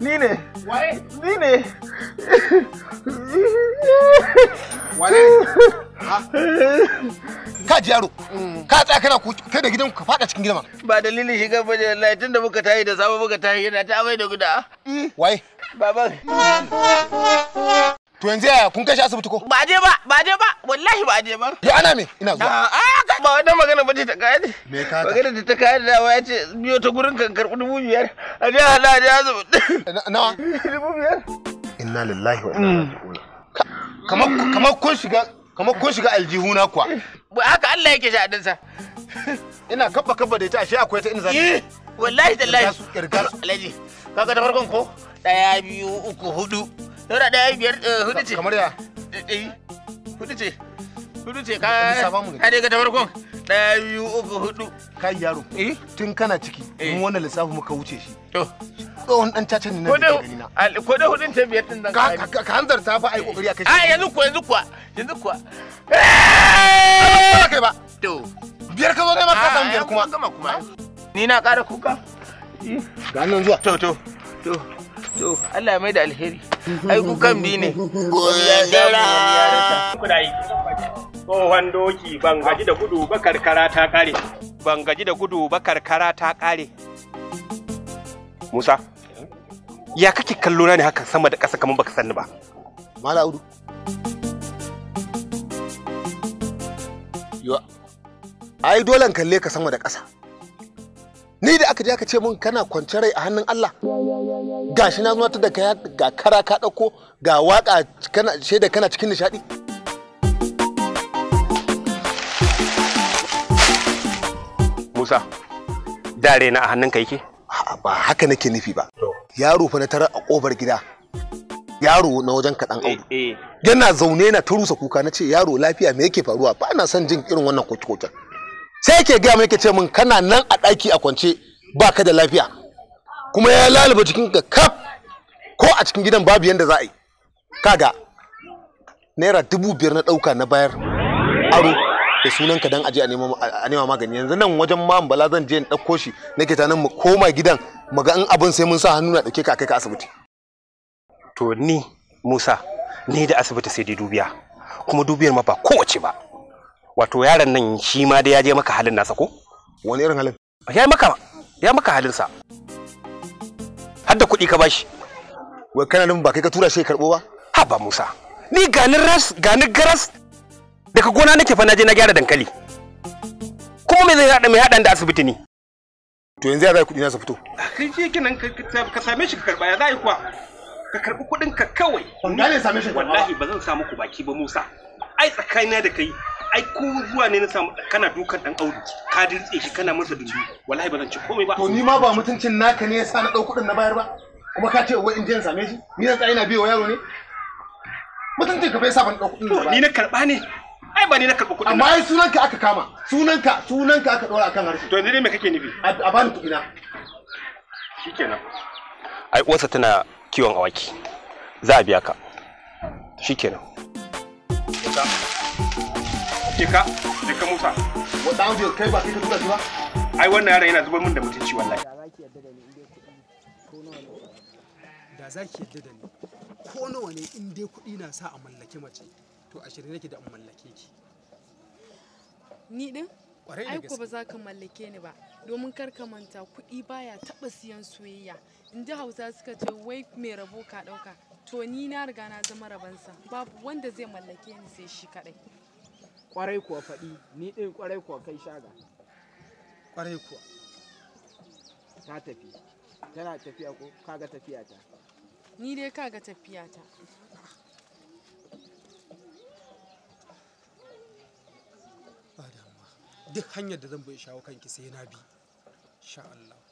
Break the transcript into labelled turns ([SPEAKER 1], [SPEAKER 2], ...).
[SPEAKER 1] Nene. What? Nene. what is? ka ji yaro ka tsaya kana kai da gidan ka faɗa cikin gidan ba dalilin shiga ba da lai tunda muka tayi da sabo muka tayi yana ta amai da guda eh. wai baban to yanzu ya kun kashi shi asibiti ko ba je ba ba je ba wallahi ba je ba ya ana me ina zuwa ba wannan magana ba ta kai ne me ka magana da ta kai da wai ce biyo ta gurin kan karbi dubu biyar a je hada a je asibiti nawa dubu biyar inna lillahi wa inna ilaihi mm. raji'un kamar kamar kun shiga kamar kun shiga aljihuna kuwa Ba haka Allah yake shi adinsa ina kabba kabba da ita ashe akwai ta inda za eh, wallahi tallahi kirga su alaji kaga da farkon ko daya biyu uku hudu dora daya biyar eh, hudu ce kamar ya eh, hudu ce hudu ce ka ka dai ga da farkon ɗaya biyu uku hudu kai yaro eh? tun kana ciki eh. mun wannan lissafi muka wuce shi tsohon dan caca ne na da gani na ko da hudun tabiya din nan ka ka hanzar ta fa ai kokari akai ai yanzu ko yanzu kuwa yanzu kuwa ba kai ba to biyar ka zo kai ma ka san biyar kuma gama kuma ni na ƙara kuka ga nan zuwa to to to to Allah ya mai da alheri ai kukan bi ne ko ya gobe da rata tsohon doki ban gaji da gudu ba karkara ta kare ban gaji da gudu ba karkara ta kare musa ya kake kallo na ne hakan sama da ƙasa kamar baka sani ba mala udu yo ai dolan kalle ka sama da ƙasa ni da aka je aka ce mun kana kwance rai a hannun Allah gashi na zo ta da ga kara ka ɗauko, ga waka kana shaida kana cikin nishaɗi. Musa dare na a hannunka yake? Ba haka nake nufi ba. Yaro fa na tarar a kofar gida. Yaro na wajen kaɗan eh, audu. Eh. Yana zaune na ta kuka na ce yaro lafiya me yake faruwa ba na son jin irin wannan koke Sai yake gaya mai yake ce min kana nan a ɗaki a kwance ba ka da lafiya. Kuma ya lalaba cikin ka kaf ko a cikin gidan babu yanda za a yi. Kaga naira dubu biyar na ɗauka na bayar aro da sunan ka dan aje a nema magani yanzu nan wajen ma bala zan je in dauko shi nake ta nan mu koma gidan mu ga in abin sai mun sa hannu na ɗauke ka kai ka asibiti to ni Musa ni da asibiti sai dai dubiya kuma dubiyar ma ba kowace ba wato yaron nan shi ma da ya je maka halin nasa ko wani irin halin ya maka ya maka halin sa har da kuɗi ka bashi wai kana nan ba kai ka tura shi karɓo ba ha ba Musa ni ganin ras ganin garas daga gona nake fa na je na gyara dankali kuma me zai hada mai hadan da asibiti ne to yanzu ya zai kudi na su fito ah, kai je nan ka same shi ka karba ya zai kuwa ka karbi kudin ka kawai na ne same shi wallahi ba zan samu ku baki ba Musa ai tsakanina da kai ai ku zuwa ne na samu kana dukan dan audu ka dirtse shi kana masa dubi wallahi ba zan ci komai ba to ni ma ba mutuncin naka ne yasa na dau kudin na bayar ba kuma ka ce wai in je same shi ni zan tsaya ina biyo yaro ne mutuncin ka bai sa ban dau kudin ba ni na karba ne ai ba ni na karɓi kuɗi amma ai sunanka aka kama sunanka aka ɗora akan harshe to yanzu dai me kake nufi a bani kuɗi na shikenan ai uwarsa tana kiwon awaki za a biya ka shikenan musa wata audio kai ba ka shi ba ai wannan yaron yana zubar min da mutunci wallahi ko nawa ne in dai kuɗi na sa a mallaki mace to a shirye nake da in mallake ki ni din ai ko ba za ka mallake ni ba domin kar ka manta kuɗi baya taɓa siyan soyayya in ji hausa suka ce wai mai rabo ka ɗauka to ni na riga na zama rabansa babu wanda zai mallake ni sai shi kaɗai kwarai kuwa faɗi ni ɗin kwarai kuwa kai shaga kwarai kuwa ta tafi tana tafiya ko kaga tafiya ta ni dai kaga tafiya ta duk hanyar da zan bi shawo kanki sai na bi insha Allah